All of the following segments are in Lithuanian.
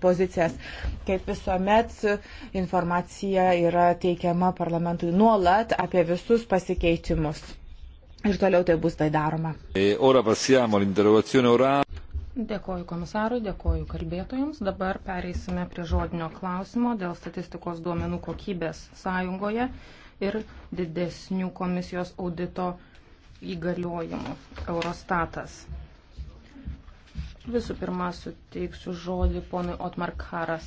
pozicijas. Kaip visuomet, informacija yra teikiama parlamentui nuolat apie visus pasikeitimus. Ir toliau tai bus tai daroma. E dėkoju komisarui, dėkoju kalbėtojams. Dabar pereisime prie žodinio klausimo dėl statistikos duomenų kokybės sąjungoje ir didesnių komisijos audito įgaliojimų. Eurostatas. Visų pirma, suteiksiu žodį ponui Otmar Karas.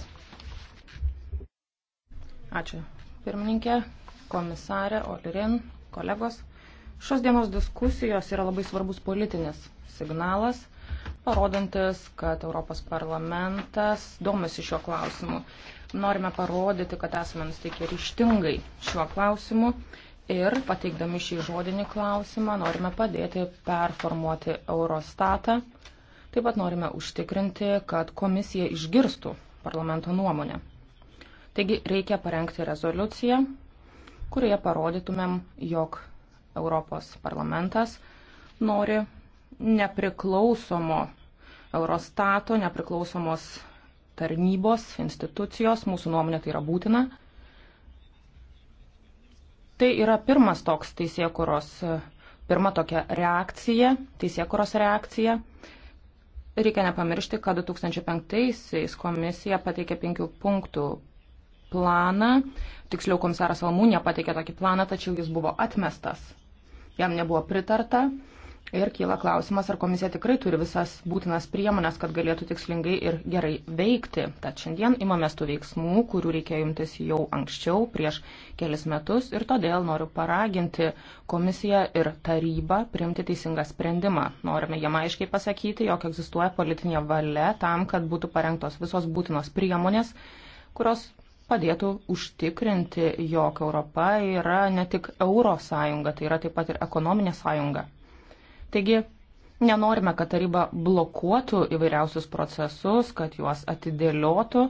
Ačiū. Pirmininkė, komisarė, Olirin, kolegos. Šios dienos diskusijos yra labai svarbus politinis signalas, parodantis, kad Europos parlamentas domisi šiuo klausimu. Norime parodyti, kad esame nusteikę ryštingai šiuo klausimu ir pateikdami šį žodinį klausimą norime padėti performuoti Eurostatą Taip pat norime užtikrinti, kad komisija išgirstų parlamento nuomonę. Taigi reikia parengti rezoliuciją, kurioje parodytumėm, jog Europos parlamentas nori nepriklausomo Eurostato, nepriklausomos tarnybos, institucijos, mūsų nuomonė tai yra būtina. Tai yra pirmas toks teisėkuros, pirma tokia reakcija, teisėkuros reakcija Reikia nepamiršti, kad 2005-aisiais komisija pateikė penkių punktų planą. Tiksliau, komisaras Almūnė pateikė tokį planą, tačiau jis buvo atmestas. Jam nebuvo pritarta Ir kyla klausimas, ar komisija tikrai turi visas būtinas priemonės, kad galėtų tikslingai ir gerai veikti. Tad šiandien imamės tų veiksmų, kurių reikėjo imtis jau anksčiau, prieš kelis metus. Ir todėl noriu paraginti komisiją ir tarybą priimti teisingą sprendimą. Norime jam aiškiai pasakyti, jog egzistuoja politinė valia tam, kad būtų parengtos visos būtinos priemonės, kurios padėtų užtikrinti, jog Europa yra ne tik euro sąjunga, tai yra taip pat ir ekonominė sąjunga. Taigi nenorime, kad taryba blokuotų įvairiausius procesus, kad juos atidėliotų.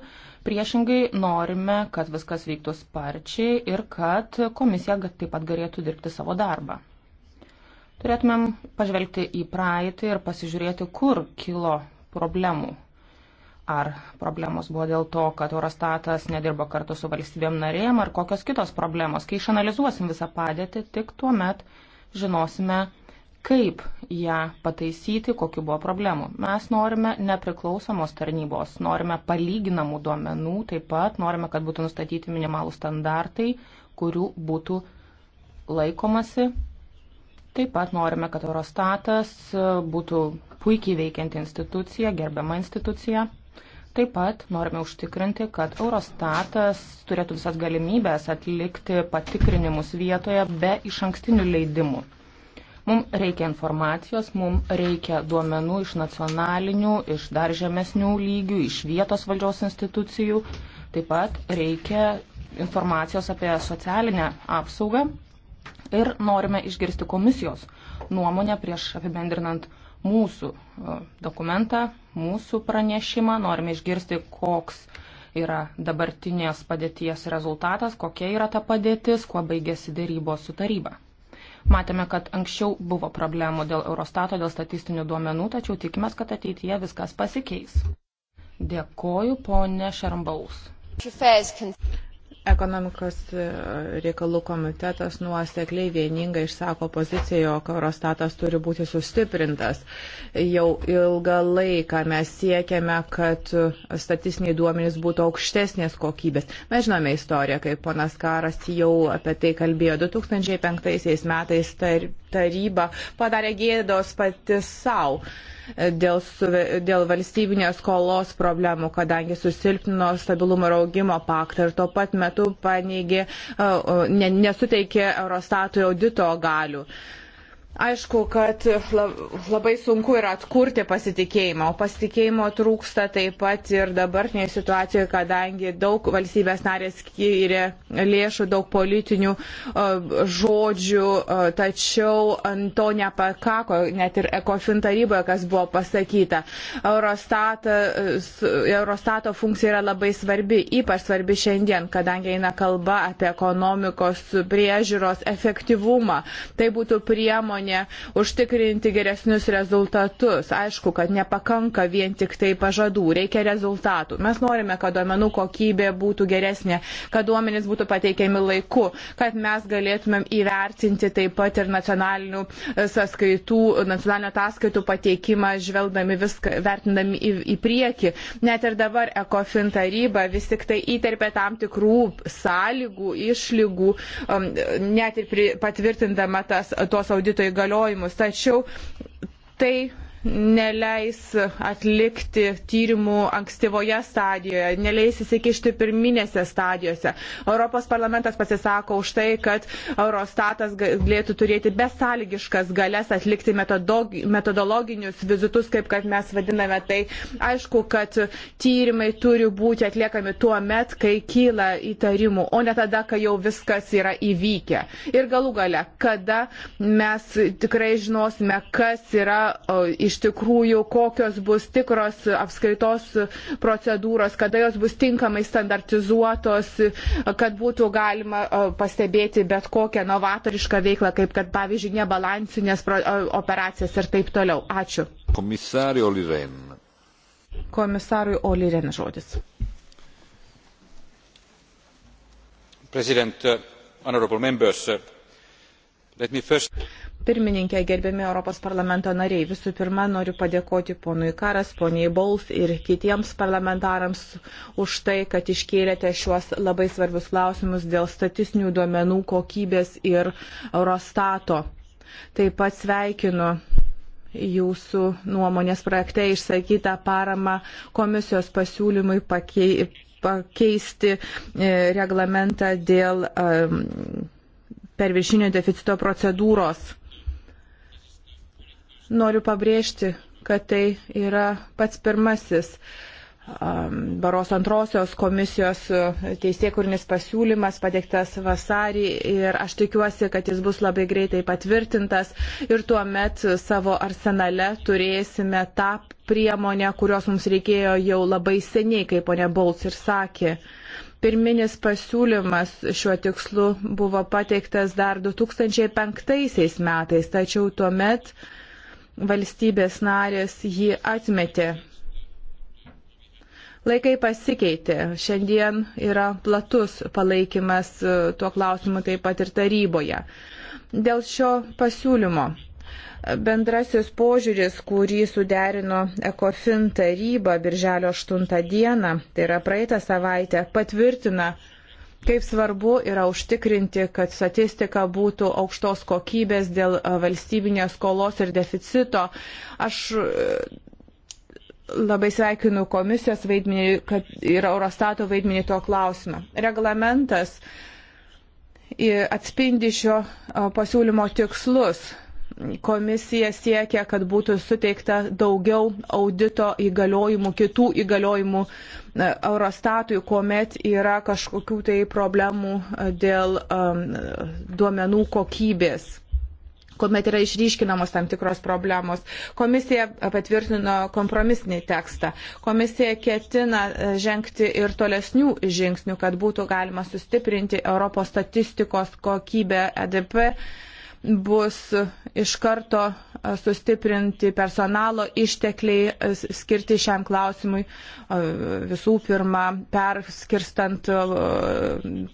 Priešingai norime, kad viskas vyktų sparčiai ir kad komisija taip pat galėtų dirbti savo darbą. Turėtumėm pažvelgti į praeitį ir pasižiūrėti, kur kilo problemų. Ar problemos buvo dėl to, kad Eurostatas nedirbo kartu su valstybėm narėm, ar kokios kitos problemos. Kai išanalizuosim visą padėtį, tik tuo met žinosime, kaip ją pataisyti, kokiu buvo problemų. Mes norime nepriklausomos tarnybos, norime palyginamų duomenų, taip pat norime, kad būtų nustatyti minimalų standartai, kurių būtų laikomasi. Taip pat norime, kad Eurostatas būtų puikiai veikianti institucija, gerbiama institucija. Taip pat norime užtikrinti, kad Eurostatas turėtų visas galimybės atlikti patikrinimus vietoje be iš ankstinių leidimų. Mums reikia informacijos, mums reikia duomenų iš nacionalinių, iš dar žemesnių lygių, iš vietos valdžios institucijų. Taip pat reikia informacijos apie socialinę apsaugą ir norime išgirsti komisijos nuomonę prieš apibendrinant mūsų e, dokumentą, mūsų pranešimą. Norime išgirsti, koks yra dabartinės padėties rezultatas, kokia yra ta padėtis, kuo baigėsi dėrybos su taryba. Matėme, kad anksčiau buvo problemų dėl Eurostato, dėl statistinių duomenų, tačiau tikimės, kad ateityje viskas pasikeis. Dėkoju, ponė Šarmbaus. Ekonomikos e, reikalų komitetas nuosekliai vieningai išsako poziciją, jog Eurostatas turi būti sustiprintas. Jau ilgą laiką mes siekiame, kad statistiniai duomenys būtų aukštesnės kokybės. Mes žinome istoriją, kaip ponas Karas jau apie tai kalbėjo 2005 metais tarp taryba padarė gėdos pati savo dėl, dėl valstybinės skolos problemų, kadangi susilpnino stabilumo ir augimo paktą ir tuo pat metu paneigė, ne, nesuteikė Eurostatui audito galių. Uh, Aišku, kad labai sunku yra atkurti pasitikėjimą, o pasitikėjimo trūksta taip pat ir dabartinėje situacijoje, kadangi daug valstybės narės skiria lėšų, daug politinių žodžių, tačiau ant to nepakako net ir ECOFIN taryboje, kas buvo pasakyta. Eurostata, Eurostato funkcija yra labai svarbi, ypač svarbi šiandien, kadangi eina kalba apie ekonomikos priežiūros efektyvumą. Tai būtų priemonė priemonė užtikrinti geresnius rezultatus. Aišku, kad nepakanka vien tik tai pažadų, reikia rezultatų. Mes norime, kad duomenų kokybė būtų geresnė, kad duomenys būtų pateikiami laiku, kad mes galėtumėm įvertinti taip pat ir nacionalinių e, sąskaitų, nacionalinio ataskaitų pateikimą, žvelgdami viską, vertindami į, į priekį. Net ir dabar ECOFIN taryba vis tik tai įterpė tam tikrų sąlygų, išlygų, um, e, net ir patvirtindama tas, tos audito įgaliojimus. Tačiau tai neleis atlikti tyrimų ankstyvoje stadijoje, neleis įsikišti pirminėse stadijose. Europos parlamentas pasisako už tai, kad Eurostatas galėtų turėti besąlygiškas galės atlikti metodologinius vizitus, kaip kad mes vadiname tai. Aišku, kad tyrimai turi būti atliekami tuo met, kai kyla įtarimų, o ne tada, kai jau viskas yra įvykę. Ir galų gale, kada mes tikrai žinosime, kas yra iš iš tikrųjų, kokios bus tikros apskaitos procedūros, kada jos bus tinkamai standartizuotos, kad būtų galima pastebėti bet kokią novatorišką veiklą, kaip kad pavyzdžiui nebalansinės operacijas ir taip toliau. Ačiū. Komisarui Oliren. Komisarui Oliren žodis. President, honorable members, let me first Pirmininkė, gerbiami Europos parlamento nariai, visų pirma noriu padėkoti ponui Karas, poniai Bols ir kitiems parlamentarams už tai, kad iškėlėte šiuos labai svarbius klausimus dėl statistinių duomenų kokybės ir Eurostato. Taip pat sveikinu jūsų nuomonės projekte išsakytą paramą komisijos pasiūlymui pakei, pakeisti e, reglamentą dėl e, perviršinio deficito procedūros Noriu pabrėžti, kad tai yra pats pirmasis um, Baros antrosios komisijos uh, teisėkurnis pasiūlymas pateiktas vasarį ir aš tikiuosi, kad jis bus labai greitai patvirtintas ir tuo met savo arsenale turėsime tą priemonę, kurios mums reikėjo jau labai seniai, kaip ponė Bolts ir sakė. Pirminis pasiūlymas šiuo tikslu buvo pateiktas dar 2005 metais, tačiau tuo met metu valstybės narės jį atmetė. Laikai pasikeitė. Šiandien yra platus palaikymas e, tuo klausimu taip pat ir taryboje. Dėl šio pasiūlymo e, bendrasis požiūris, kurį suderino ECOFIN taryba birželio 8 dieną, tai yra praeitą savaitę, patvirtina kaip svarbu yra užtikrinti, kad statistika būtų aukštos kokybės dėl e, valstybinės skolos ir deficito. Aš e, labai sveikinu komisijos vaidmenį kad, ir Eurostato vaidmenį tuo klausimu. Reglamentas e, atspindi šio pasiūlymo tikslus. Komisija siekia, kad būtų suteikta daugiau audito įgaliojimų, kitų įgaliojimų e, Eurostatui, kuomet yra kažkokių tai problemų e, dėl um, duomenų kokybės kuomet yra išryškinamos tam tikros problemos. Komisija patvirtino kompromisinį tekstą. Komisija ketina e, žengti ir tolesnių žingsnių, kad būtų galima sustiprinti Europos statistikos kokybę EDP bus iš karto sustiprinti personalo ištekliai skirti šiam klausimui. Visų pirma, perskirstant,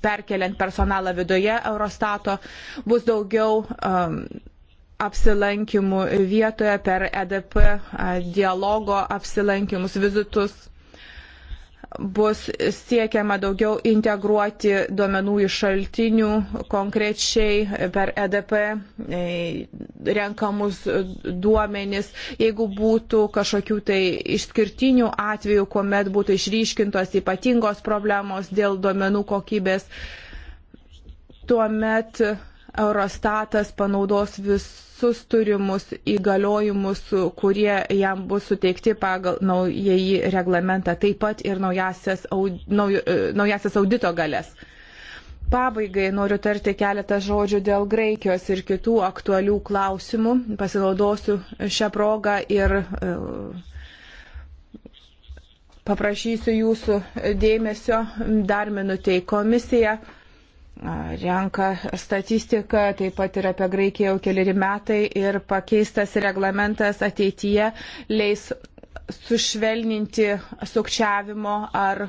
perkeliant personalą viduje Eurostato bus daugiau apsilankimų vietoje per EDP dialogo apsilankimus, vizitus bus siekiama daugiau integruoti duomenų iš šaltinių, konkrečiai per EDP e, renkamus duomenis. Jeigu būtų kažkokių tai išskirtinių atvejų, kuomet būtų išryškintos ypatingos problemos dėl duomenų kokybės, tuomet Eurostatas panaudos visus turimus įgaliojimus, kurie jam bus suteikti pagal naująjį reglamentą, taip pat ir naujasias, aud, nauj, e, naujasias audito galės. Pabaigai noriu tarti keletą žodžių dėl Graikijos ir kitų aktualių klausimų. Pasinaudosiu šią progą ir e, paprašysiu jūsų dėmesio dar minutėj komisiją renka statistiką, taip pat ir apie Graikiją jau keliari metai ir pakeistas reglamentas ateityje leis sušvelninti sukčiavimo ar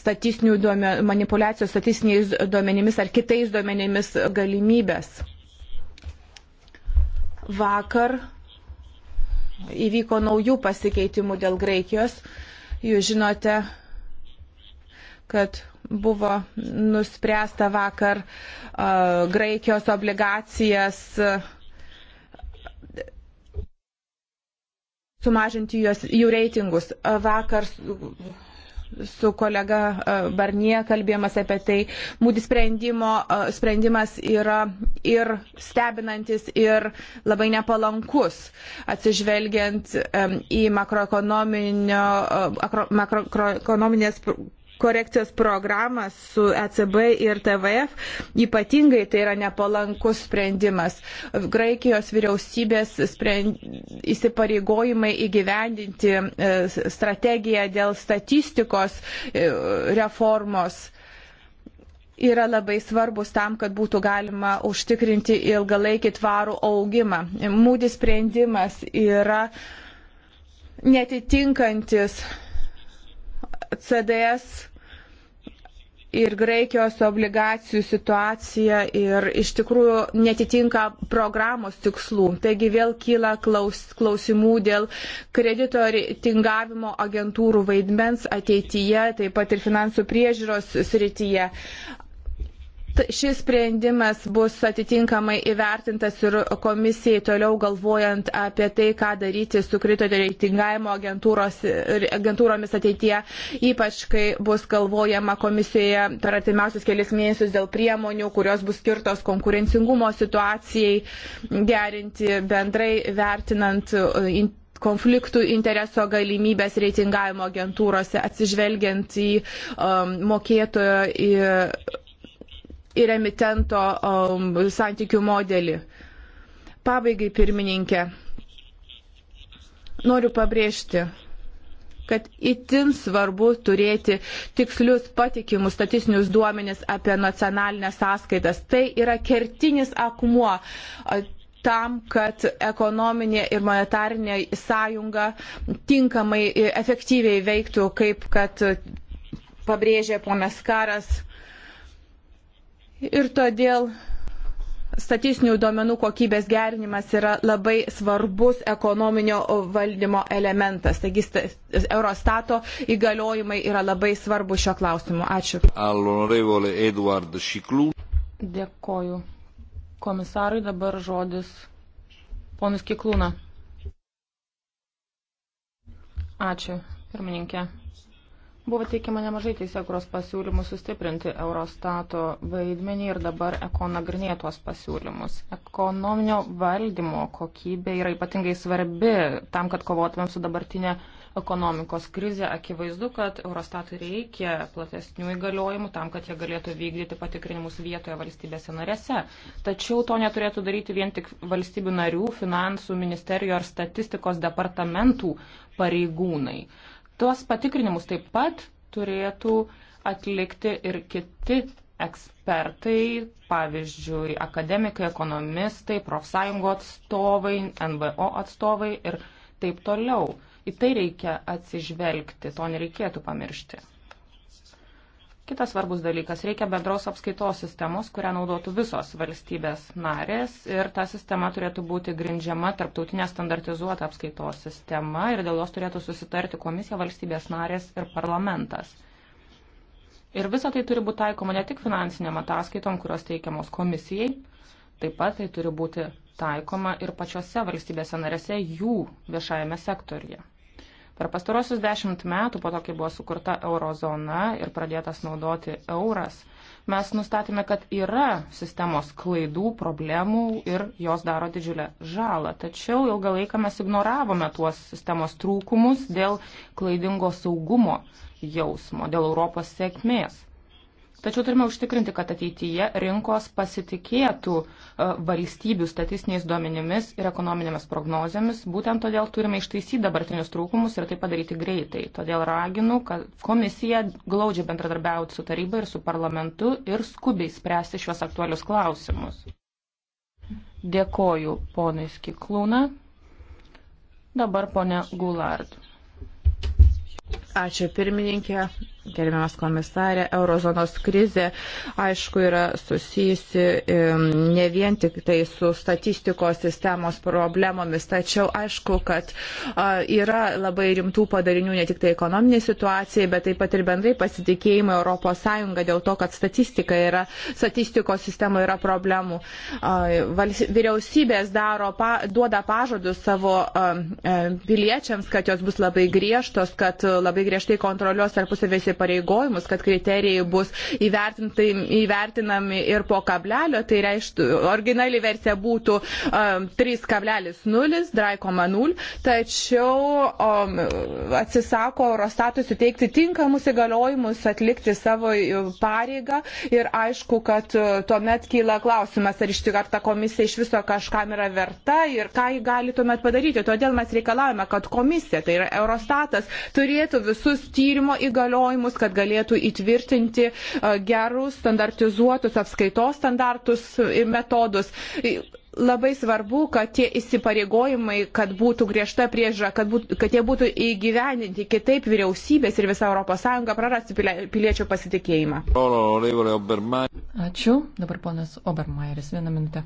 statistinių duomen, manipulacijos statistiniais duomenimis ar kitais duomenimis galimybės. Vakar įvyko naujų pasikeitimų dėl Graikijos. Jūs žinote, kad buvo nuspręsta vakar uh, Graikijos obligacijas uh, sumažinti juos, jų reitingus. Vakar su kolega Barnie kalbėjimas apie tai, mūdį sprendimo, sprendimas yra ir stebinantis, ir labai nepalankus, atsižvelgiant į makroekonominės makro, makro korekcijos programą su ECB ir TVF, ypatingai tai yra nepalankus sprendimas. Graikijos vyriausybės sprend... įsipareigojimai įgyvendinti e, strategiją dėl statistikos e, reformos yra labai svarbus tam, kad būtų galima užtikrinti ilgalaikį tvarų augimą. Mūdį sprendimas yra netitinkantis CDS ir Graikijos obligacijų situacija ir iš tikrųjų netitinka programos tikslų. Taigi vėl kyla klaus, klausimų dėl kredito reitingavimo agentūrų vaidmens ateityje, taip pat ir finansų priežiūros srityje. Šis sprendimas bus atitinkamai įvertintas ir komisijai toliau galvojant apie tai, ką daryti su kredito reitingavimo agentūromis ateityje, ypač kai bus galvojama komisijoje per artimiausius kelias mėnesius dėl priemonių, kurios bus skirtos konkurencingumo situacijai gerinti bendrai vertinant uh, konfliktų intereso galimybės reitingavimo agentūrose, atsižvelgiant į um, mokėtojo į ir emitento um, santykių modelį. Pabaigai, pirmininkė, noriu pabrėžti, kad itin svarbu turėti tikslius patikimus statistinius duomenis apie nacionalinės sąskaitas. Tai yra kertinis akmuo tam, kad ekonominė ir monetarinė sąjunga tinkamai e, efektyviai veiktų, kaip kad pabrėžė ponas Karas Ir todėl statistinių duomenų kokybės gerinimas yra labai svarbus ekonominio valdymo elementas. Taigi Eurostato įgaliojimai yra labai svarbu šio klausimu. Ačiū. Dėkoju. Komisarui dabar žodis ponas Kiklūna. Ačiū, pirmininkė. Buvo teikiama nemažai teisėkuros pasiūlymų sustiprinti Eurostato vaidmenį ir dabar eko nagrinėja tuos pasiūlymus. Ekonominio valdymo kokybė yra ypatingai svarbi tam, kad kovotumėm su dabartinė ekonomikos krizė. Akivaizdu, kad Eurostatui reikia platesnių įgaliojimų tam, kad jie galėtų vykdyti patikrinimus vietoje valstybėse narėse. Tačiau to neturėtų daryti vien tik valstybių narių, finansų ministerijų ar statistikos departamentų pareigūnai Tuos patikrinimus taip pat turėtų atlikti ir kiti ekspertai, pavyzdžiui, akademikai, ekonomistai, profsąjungo atstovai, NVO atstovai ir taip toliau. Į tai reikia atsižvelgti, to nereikėtų pamiršti. Kitas svarbus dalykas - reikia bendros apskaitos sistemos, kurią naudotų visos valstybės narės ir ta sistema turėtų būti grindžiama tarptautinė standartizuota apskaitos sistema ir dėl jos turėtų susitarti komisija, valstybės narės ir parlamentas. Ir visa tai turi būti taikoma ne tik finansiniam ataskaitom, kurios teikiamos komisijai, taip pat tai turi būti taikoma ir pačiose valstybėse narėse jų viešajame sektoriuje. Per pastarosius dešimt metų, po to, kai buvo sukurta eurozona ir pradėtas naudoti euras, mes nustatėme, kad yra sistemos klaidų, problemų ir jos daro didžiulę žalą. Tačiau ilgą laiką mes ignoravome tuos sistemos trūkumus dėl klaidingo saugumo jausmo, dėl Europos sėkmės. Tačiau turime užtikrinti, kad ateityje rinkos pasitikėtų e, valstybių statistiniais duomenimis ir ekonominėmis prognozėmis. Būtent todėl turime ištaisyti dabartinius trūkumus ir tai padaryti greitai. Todėl raginu, kad komisija glaudžiai bendradarbiauti su taryba ir su parlamentu ir skubiai spręsti šios aktualius klausimus. Dėkoju ponai Skiklūna. Dabar ponė Gulard. Ačiū pirmininkė, gerbiamas komisarė, eurozonos krizė, aišku, yra susijusi ne vien tik tai su statistikos sistemos problemomis, tačiau aišku, kad yra labai rimtų padarinių ne tik tai ekonominiai situacijai, bet taip pat ir bendrai pasitikėjimai ES dėl to, kad statistika yra, statistikos sistema yra problemų. Vyriausybės daro, duoda pažadus savo piliečiams, kad jos bus labai griežtos, kad labai griežtai kontroliuos tarpusavėsi įsipareigojimus, kad kriterijai bus įvertinami ir po kablelio, tai reiškia, originali versija būtų um, 3,0, 3,0, tačiau um, atsisako Eurostatui suteikti tinkamus įgaliojimus atlikti savo um, pareigą ir aišku, kad uh, tuomet kyla klausimas, ar iš tikrųjų ta komisija iš viso kažkam yra verta ir ką jį gali tuomet padaryti. Todėl mes reikalavome, kad komisija, tai yra Eurostatas, turėtų visus tyrimo įgaliojimus įgaliojimus, kad galėtų įtvirtinti gerus standartizuotus apskaitos standartus ir e, metodus labai svarbu, kad tie įsipareigojimai, kad būtų griežta prieža, kad, būt, kad jie būtų įgyveninti, kitaip vyriausybės ir visa ES praras piliečių pasitikėjimą. Ačiū. Dabar ponas Obermaieris, vieną minutę.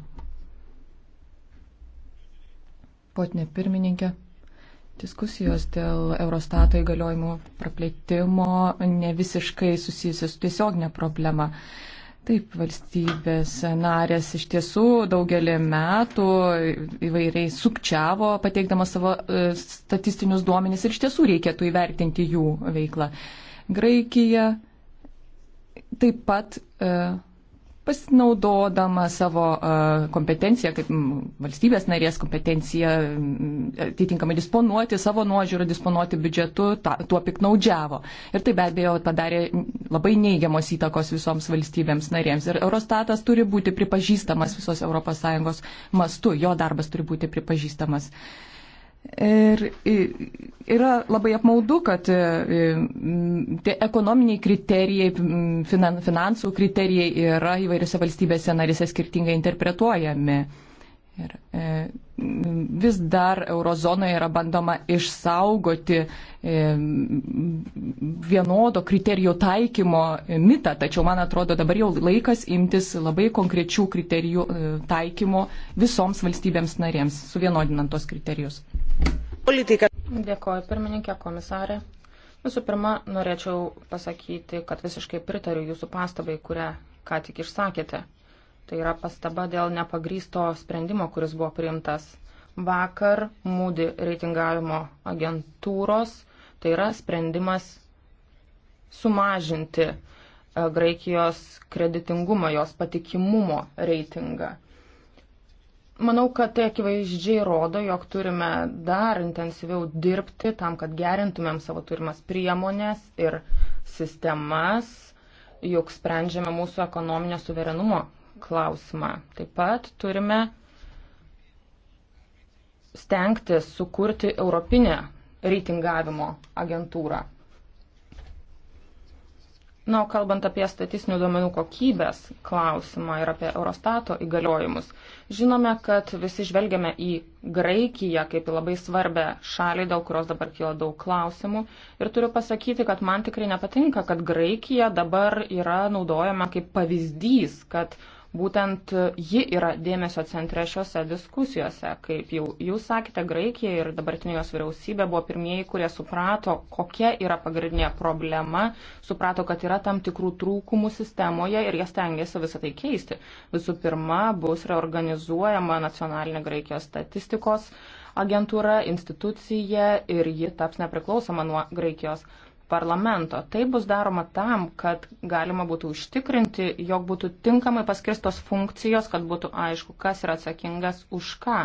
Potinė pirmininkė. Diskusijos dėl Eurostato įgaliojimų praplėtimo ne visiškai susijusios su tiesioginė problema. Taip, valstybės narės iš tiesų daugelį metų įvairiai sukčiavo, pateikdama savo e, statistinius duomenys ir iš tiesų reikėtų įvertinti jų veiklą. Graikija taip pat e, pasinaudodama savo e, kompetenciją, kaip valstybės narės kompetenciją, atitinkamai disponuoti savo nuožiūrą, disponuoti biudžetu, ta, tuo piknaudžiavo. Ir tai be abejo padarė labai neigiamos įtakos visoms valstybėms narėms. Ir Eurostatas turi būti pripažįstamas visos ES mastu, jo darbas turi būti pripažįstamas. Uh, Ir yra labai apmaudu, kad e, tie ekonominiai kriterijai, finansų kriterijai yra įvairiose valstybėse narise skirtingai interpretuojami. Ir e, vis dar eurozonoje yra bandoma išsaugoti e, vienodo kriterijų taikymo mitą, tačiau man atrodo dabar jau laikas imtis labai konkrečių kriterijų taikymo visoms valstybėms narėms, suvienodinant tos kriterijus. Politika. Dėkoju, pirmininkė komisarė. Visų pirma, norėčiau pasakyti, kad visiškai pritariu jūsų pastabai, kurią ką tik išsakėte. Tai yra pastaba dėl nepagrysto sprendimo, kuris buvo priimtas vakar Moody reitingavimo agentūros. Tai yra sprendimas sumažinti e, Graikijos kreditingumo, jos patikimumo reitingą. Manau, kad tai akivaizdžiai rodo, jog turime dar intensyviau dirbti tam, kad gerintumėm savo turimas priemonės ir sistemas, juk sprendžiame mūsų ekonominio suverenumo klausimą. Taip pat turime stengtis sukurti Europinę reitingavimo agentūrą. Na, o kalbant apie statistinių duomenų kokybės klausimą ir apie Eurostato įgaliojimus, žinome, kad visi žvelgiame į Graikiją kaip į labai svarbę šalį, dėl kurios dabar kyla daug klausimų. Ir turiu pasakyti, kad man tikrai nepatinka, kad Graikija dabar yra naudojama kaip pavyzdys, kad uh, Būtent ji yra dėmesio centre šiuose diskusijose. Kaip jau jūs sakėte, Graikija ir dabartinė jos vyriausybė buvo pirmieji, kurie suprato, kokia yra pagrindinė problema, suprato, kad yra tam tikrų trūkumų sistemoje ir jie stengiasi visą tai keisti. Visų pirma, bus reorganizuojama nacionalinė Graikijos statistikos agentūra, institucija ir ji taps nepriklausoma nuo Graikijos parlamento. Tai bus daroma tam, kad galima būtų užtikrinti, jog būtų tinkamai paskirstos funkcijos, kad būtų aišku, kas yra atsakingas už ką.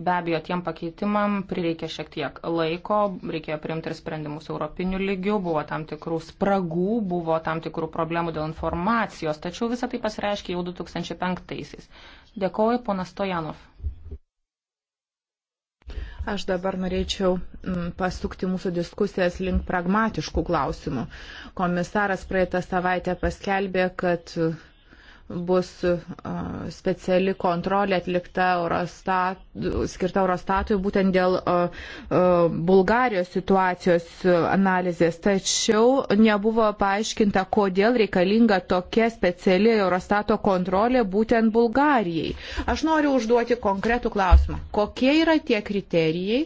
Be abejo, tiem pakeitimam prireikė šiek tiek laiko, reikėjo priimti ir sprendimus europinių lygių, buvo tam tikrų spragų, buvo tam tikrų problemų dėl informacijos, tačiau visą tai pasireiškė jau 2005-aisiais. Dėkoju, ponas Stojanov. Aš dabar norėčiau mm, pasukti mūsų diskusijas link pragmatiškų klausimų. Komisaras praeitą savaitę paskelbė, kad bus speciali kontrolė atlikta Eurostat, skirta Eurostatui būtent dėl Bulgarijos situacijos analizės. Tačiau nebuvo paaiškinta, kodėl reikalinga tokia speciali Eurostato kontrolė būtent Bulgarijai. Aš noriu užduoti konkretų klausimą. Kokie yra tie kriterijai?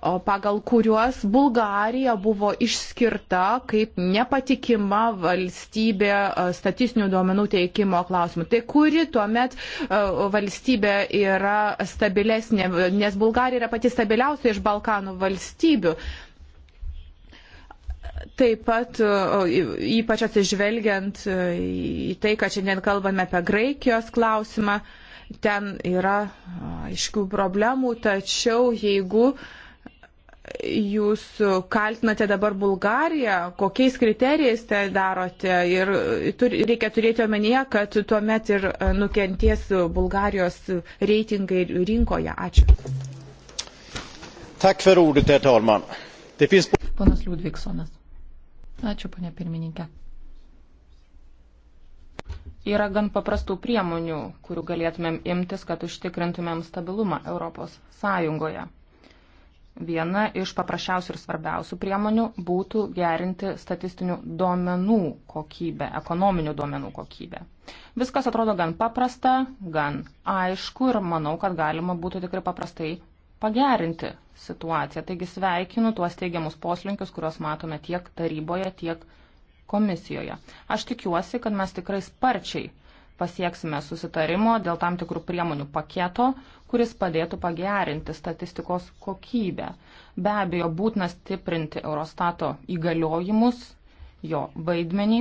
pagal kuriuos Bulgarija buvo išskirta kaip nepatikima valstybė e, statistinių duomenų teikimo klausimų. Tai kuri tuomet e, valstybė yra stabilesnė, nes Bulgarija yra pati stabiliausia iš Balkanų valstybių. Taip pat e, ypač atsižvelgiant į tai, kad šiandien kalbame apie Graikijos klausimą, ten yra aiškių problemų, tačiau jeigu uh, jūs kaltinate dabar Bulgariją, kokiais kriterijais tai darote ir tur, reikia turėti omenyje, kad tuomet ir e, nukenties Bulgarijos reitingai rinkoje. Ačiū. Ordet, finns... Ponas Liudviksonas. Ačiū, ponė pirmininkė. Yra gan paprastų priemonių, kurių galėtumėm imtis, kad užtikrintumėm stabilumą Europos Sąjungoje viena iš paprasčiausių ir svarbiausių priemonių būtų gerinti statistinių duomenų kokybę, ekonominių duomenų kokybę. Viskas atrodo gan paprasta, gan aišku ir manau, kad galima būtų tikrai paprastai pagerinti situaciją. Taigi sveikinu tuos teigiamus poslinkius, kuriuos matome tiek taryboje, tiek komisijoje. Aš tikiuosi, kad mes tikrai sparčiai pasieksime susitarimo dėl tam tikrų priemonių paketo, kuris padėtų pagerinti statistikos kokybę. Be abejo, būtina stiprinti Eurostato įgaliojimus, jo vaidmenį.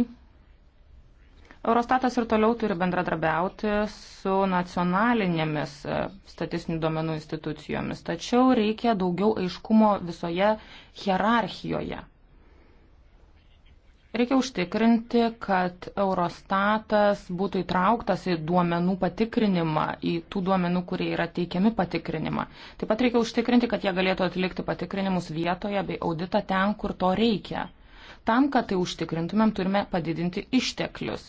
Eurostatas ir toliau turi bendradarbiauti su nacionalinėmis e, statistinių duomenų institucijomis, tačiau reikia daugiau aiškumo visoje hierarchijoje. Reikia užtikrinti, kad Eurostatas būtų įtrauktas į duomenų patikrinimą, į tų duomenų, kurie yra teikiami patikrinimą. Taip pat reikia užtikrinti, kad jie galėtų atlikti patikrinimus vietoje bei auditą ten, kur to reikia. Tam, kad tai užtikrintumėm, turime padidinti išteklius.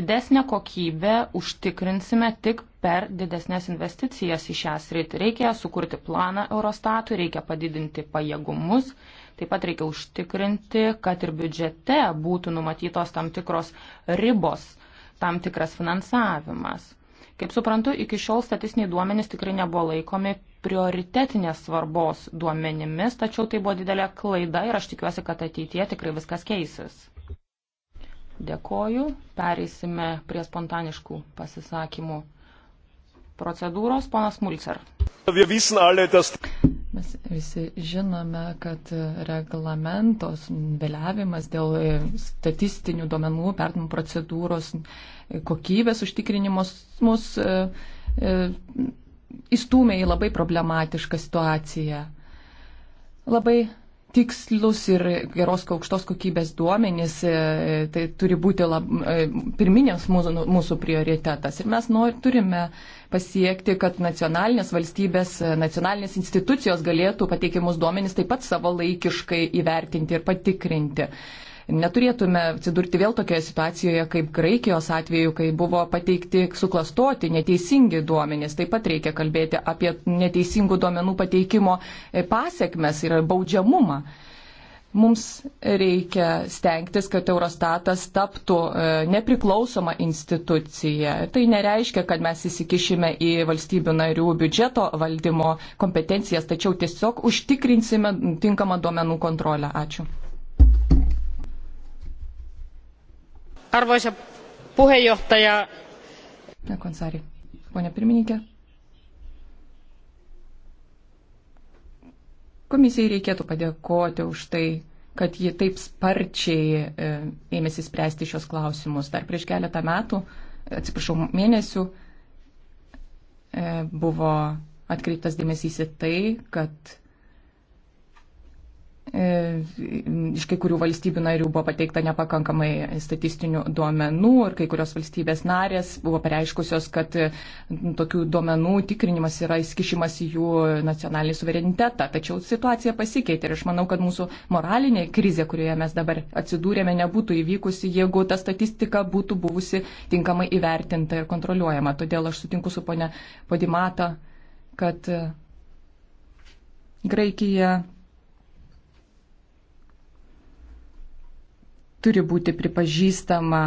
Didesnę kokybę užtikrinsime tik per didesnės investicijas į šią sritį. Reikia sukurti planą Eurostatui, reikia padidinti pajėgumus Taip pat reikia užtikrinti, kad ir biudžete būtų numatytos tam tikros ribos, tam tikras finansavimas. Kaip suprantu, iki šiol statistiniai duomenys tikrai nebuvo laikomi prioritetinės svarbos duomenimis, tačiau tai buvo didelė klaida ir aš tikiuosi, kad ateityje tikrai viskas keisis. Dėkoju. Pereisime prie spontaniškų pasisakymų procedūros. Ponas Mulcer. Mes visi žinome, kad reglamentos vėliavimas dėl e, statistinių duomenų perdimų procedūros kokybės užtikrinimus mus e, e, įstumė į labai problematišką situaciją. Labai tikslus ir geros aukštos kokybės duomenys, e, tai turi būti lab, e, pirminės mūsų, mūsų prioritetas. Ir mes nor, turime pasiekti, kad nacionalinės valstybės, e, nacionalinės institucijos galėtų pateikimus duomenys taip pat savo laikiškai įvertinti ir patikrinti. Neturėtume atsidurti vėl tokioje situacijoje kaip Graikijos atveju, kai buvo pateikti suklastoti neteisingi duomenys. Taip pat reikia kalbėti apie neteisingų duomenų pateikimo e, pasiekmes ir baudžiamumą mums reikia stengtis, kad Eurostatas taptų e, nepriklausoma institucija. Tai nereiškia, kad mes įsikišime į valstybių narių biudžeto valdymo kompetencijas, tačiau tiesiog užtikrinsime tinkamą duomenų kontrolę. Ačiū. Arvoisa puheenjohtaja. Ne konsari. Pone pirmininkė. Komisijai reikėtų padėkoti už tai, kad ji taip sparčiai e, ėmėsi spręsti šios klausimus. Dar prieš keletą metų, atsiprašau, mėnesių e, buvo atkreiptas dėmesys į tai, kad E, iš kai kurių valstybių narių buvo pateikta nepakankamai statistinių duomenų ir kai kurios valstybės narės buvo pareiškusios, kad e, tokių duomenų tikrinimas yra įskišimas į jų nacionalinį suverenitetą. Tačiau situacija pasikeitė ir aš manau, kad mūsų moralinė krizė, kurioje mes dabar atsidūrėme, nebūtų įvykusi, jeigu ta statistika būtų buvusi tinkamai įvertinta ir kontroliuojama. Todėl aš sutinku su ponia Podimata, kad e, Graikija turi būti pripažįstama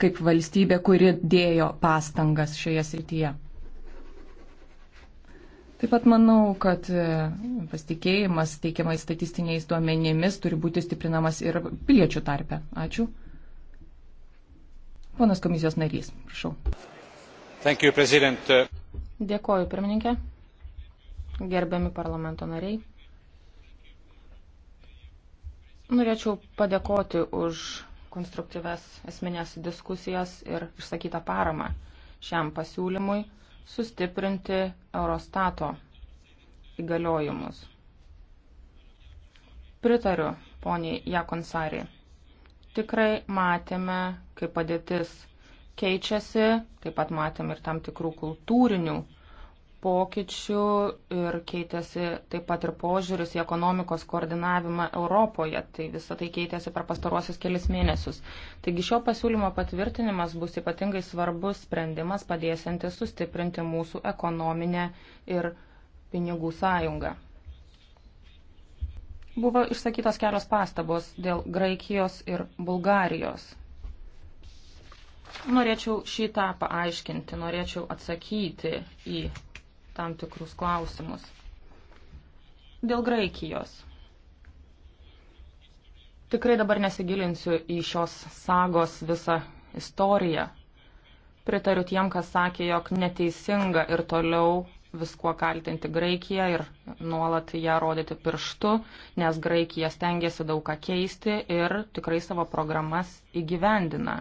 kaip valstybė, kuri dėjo pastangas šioje srityje. Taip pat manau, kad e, pasitikėjimas teikiamais statistiniais duomenimis turi būti stiprinamas ir piliečių tarpe. Ačiū. Ponas komisijos narys, prašau. Thank you, President. Dėkoju, pirmininkė. Gerbiami parlamento nariai. Norėčiau padėkoti už konstruktyves esminės diskusijas ir išsakytą paramą šiam pasiūlymui sustiprinti Eurostato įgaliojimus. Pritariu, poniai Jakonsari. Tikrai matėme, kaip padėtis keičiasi, taip pat matėme ir tam tikrų kultūrinių pokyčių ir keitėsi taip pat ir požiūris į ekonomikos koordinavimą Europoje. Tai visą tai keitėsi per pastaruosius kelis mėnesius. Taigi šio pasiūlymo patvirtinimas bus ypatingai svarbus sprendimas padėsinti sustiprinti mūsų ekonominę ir pinigų sąjungą. Buvo išsakytos kelios pastabos dėl Graikijos ir Bulgarijos. Norėčiau šitą paaiškinti, norėčiau atsakyti į tam tikrus klausimus. Dėl Graikijos. Tikrai dabar nesigilinsiu į šios sagos visą istoriją. Pritariu tiem, kas sakė, jog neteisinga ir toliau viskuo kaltinti Graikiją ir nuolat ją rodyti pirštu, nes Graikija stengiasi daug ką keisti ir tikrai savo programas įgyvendina.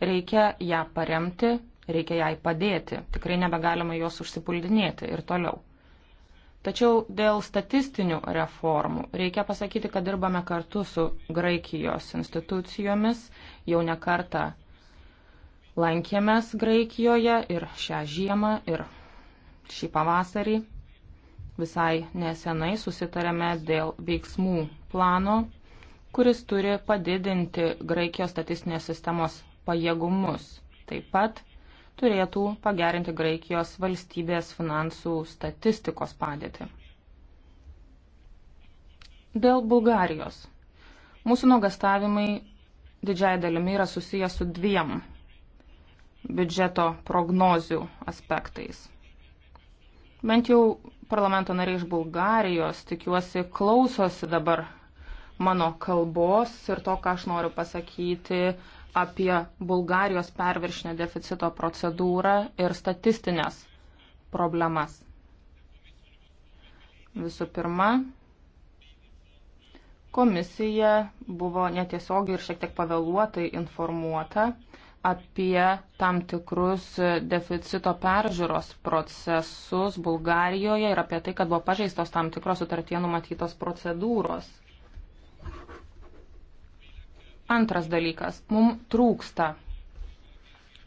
Reikia ją paremti, reikia jai padėti, tikrai nebegalima jos užsipuldinėti ir toliau. Tačiau dėl statistinių reformų reikia pasakyti, kad dirbame kartu su Graikijos institucijomis, jau ne kartą lankėmės Graikijoje ir šią žiemą, ir šį pavasarį. Visai nesenai susitarėme dėl veiksmų plano, kuris turi padidinti Graikijos statistinės sistemos pajėgumus. Taip pat turėtų pagerinti Graikijos valstybės finansų statistikos padėtį. Dėl Bulgarijos. Mūsų nuogastavimai didžiai dalimi yra susijęs su dviem biudžeto prognozių aspektais. Bent jau parlamento nariai iš Bulgarijos, tikiuosi, klausosi dabar mano kalbos ir to, ką aš noriu pasakyti apie Bulgarijos perviršinio deficito procedūrą ir statistinės problemas. Visų pirma, komisija buvo netiesiogiai ir šiek tiek pavėluotai informuota apie tam tikrus deficito peržiūros procesus Bulgarijoje ir apie tai, kad buvo pažeistos tam tikros sutartie numatytos procedūros. Antras dalykas, mums trūksta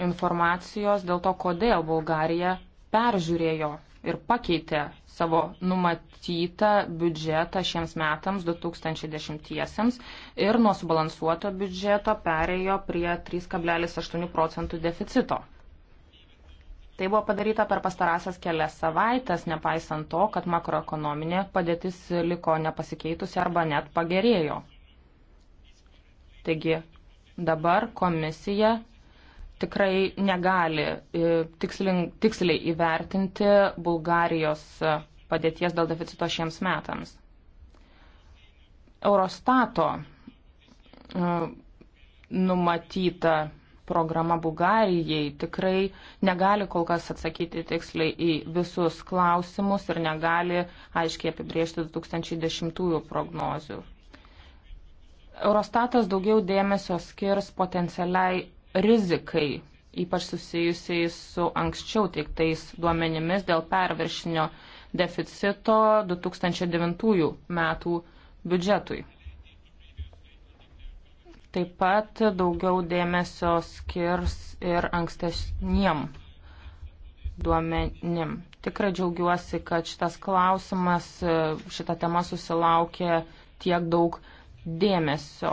informacijos dėl to, kodėl Bulgarija peržiūrėjo ir pakeitė savo numatytą biudžetą šiems metams 2010-iesiams ir nuo subalansuoto biudžeto perėjo prie 3,8 procentų deficito. Tai buvo padaryta per pastarąsias kelias savaitės, nepaisant to, kad makroekonominė padėtis liko nepasikeitusi arba net pagerėjo. Taigi dabar komisija tikrai negali e, tikslin, tiksliai įvertinti Bulgarijos padėties dėl deficito šiems metams. Eurostato e, numatyta programa Bulgarijai tikrai negali kol kas atsakyti tiksliai į visus klausimus ir negali aiškiai apibriežti 2010 prognozių. Eurostatas daugiau dėmesio skirs potencialiai rizikai, ypač susijusiai su anksčiau teiktais duomenimis dėl perviršinio deficito 2009 metų biudžetui. Taip pat daugiau dėmesio skirs ir ankstesniem duomenim. Tikrai džiaugiuosi, kad šitas klausimas, šita tema susilaukė tiek daug dėmesio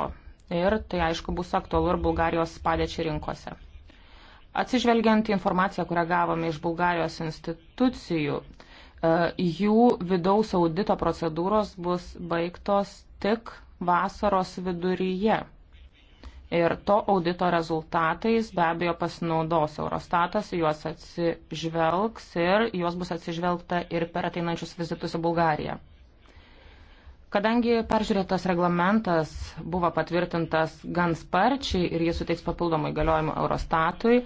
ir tai aišku bus aktualu ir Bulgarijos padėčiai rinkose. Atsižvelgiant į informaciją, kurią gavome iš Bulgarijos institucijų, e, jų vidaus audito procedūros bus baigtos tik vasaros viduryje. Ir to audito rezultatais be abejo pasinaudos Eurostatas, juos atsižvelgs ir juos bus atsižvelgta ir per ateinančius vizitus į Bulgariją. Kadangi peržiūrėtas reglamentas buvo patvirtintas gan sparčiai ir jis suteiks papildomų įgaliojimų Eurostatui,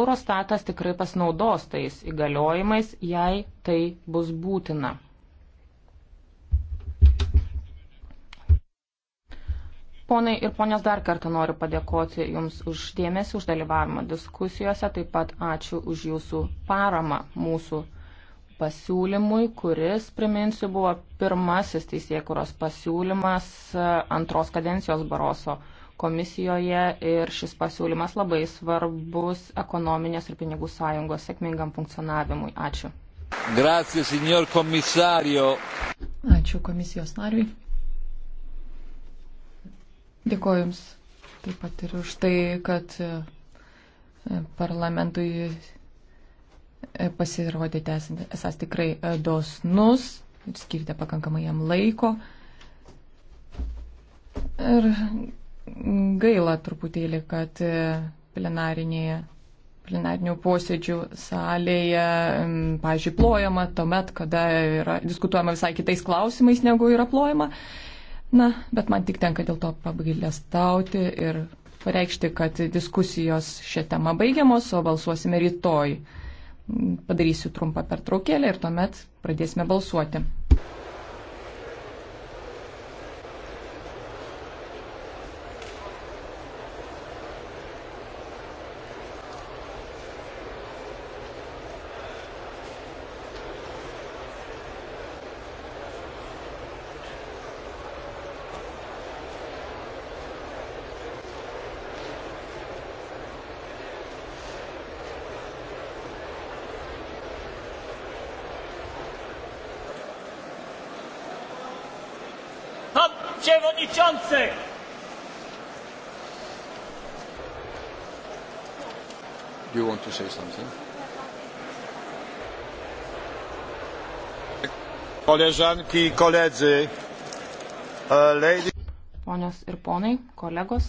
Eurostatas tikrai pasinaudos tais įgaliojimais, jei tai bus būtina. Ponai ir ponios dar kartą noriu padėkoti Jums už dėmesį, už dalyvavimą diskusijose, taip pat ačiū už Jūsų paramą mūsų pasiūlymui, kuris, priminsiu, buvo pirmasis teisėkuros pasiūlymas e, antros kadencijos Baroso komisijoje ir šis pasiūlymas labai svarbus ekonominės ir pinigų sąjungos sėkmingam funkcionavimui. Ačiū. Grazie, signor komisario. Ačiū komisijos nariui. Dėkoju Jums taip pat ir už tai, kad e, parlamentui E, pasirodėte esas tikrai e, dosnus, skirite pakankamai jam laiko. Ir gaila truputėlį, kad e, plenarinėje, plenarinių posėdžių salėje, pažiūrėjau, plojama tuomet, kada yra diskutuojama visai kitais klausimais, negu yra plojama. Na, bet man tik tenka dėl to pabgailestauti ir pareikšti, kad diskusijos šią temą baigiamos, o balsuosime rytoj. Padarysiu trumpą pertraukėlę ir tuomet pradėsime balsuoti. przewodniczący! Do you want to say something? Koleżanki i koledzy, e, lady... Ponios ir ponai, kolegos.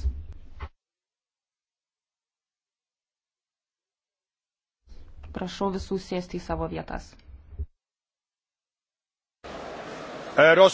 Prašau visų sėsti į savo vietas. Eros